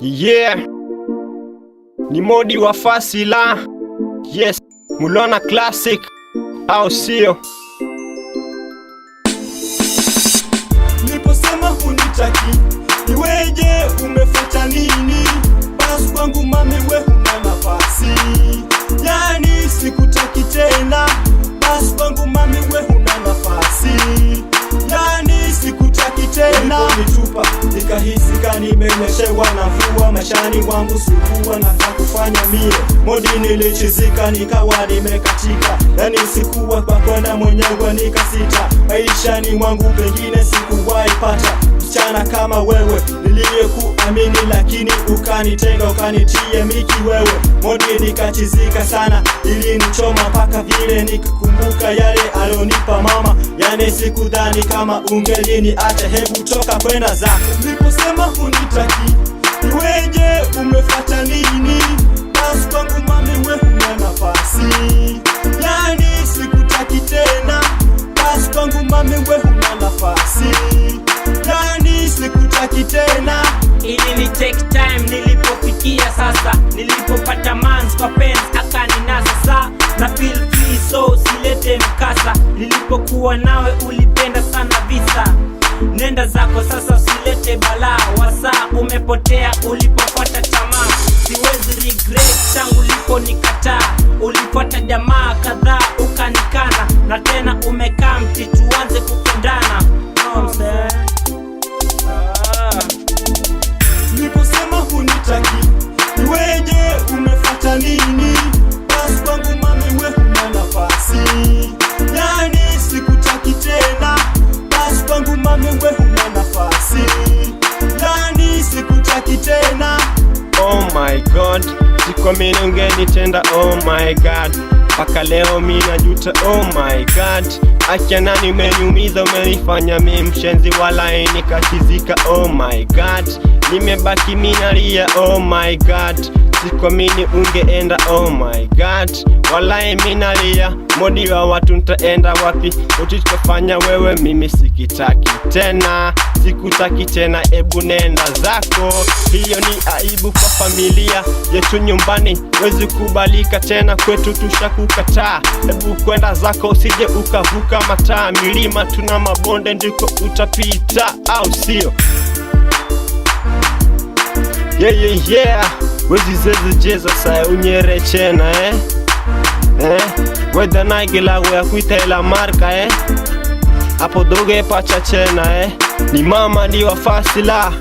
yeah. Ni modi wa fasi la yes, Mulona Classic au sio? nimenyeshewa na mvua maishani wangu, sikuwa na kufanya mie. Modi nilichizika nikawa nimekatika, yani sikuwa kwa kwenda mwenyewe nikasita. Maishani mwangu pengine sikuwahi pata msichana kama wewe niliyekuamini, lakini ukanitenga ukanitie miki wewe. Modi nikachizika sana, ili nichoma mpaka vile nikakumbuka yale alionipa mama, yani sikudhani kama ungelini acha. Hebu toka kwenda zako, huni hutaki iweje? Umefata nini? Basi kwangu mami, we huna nafasi, yani sikutaki tena. Basi kwangu mami, we huna nafasi, yani sikutaki tena. Ili ni take time nilipofikia sasa, nilipopata mans kwa pens akaninasa saa na feel free, so silete mkasa nilipokuwa nao umepotea ulipopata tamaa, siwezi regret tangu nikataa Ulipata jamaa kadhaa ukanikana, na tena umekaa mtituanze kupendana kupendana. gone yako mimi nitenda, oh my god, paka leo mi najuta, oh my god, acha na nimeniumiza, umenifanya mi mshenzi, wala nikachizika, oh my god, nimebaki mi nalia, oh my god, sikuamini ungeenda, oh my god Walai minalia modi wa watu ntaenda wapi? Ulichofanya wewe mimi sikitaki tena, sikutaki tena, ebu nenda zako. Hiyo ni aibu kwa familia yetu, nyumba nyumbani, wezi kubalika tena kwetu, tushakukataa. Hebu kwenda zako, usije ukavuka mataa. Milima tuna mabonde, ndiko utapita, au sio? Yeah, yeah, yeah. Wezi zezi jeza saye unyere chena eh? Eh? Weda na igilago ya kuita ila marka eh? Apo doge pacha chena eh? Ni mama ni wafasila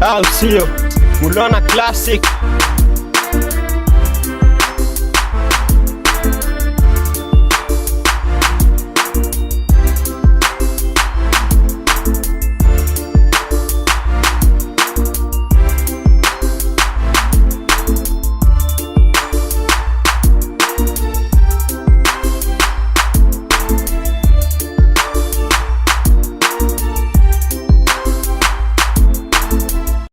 au sio? Mulona classic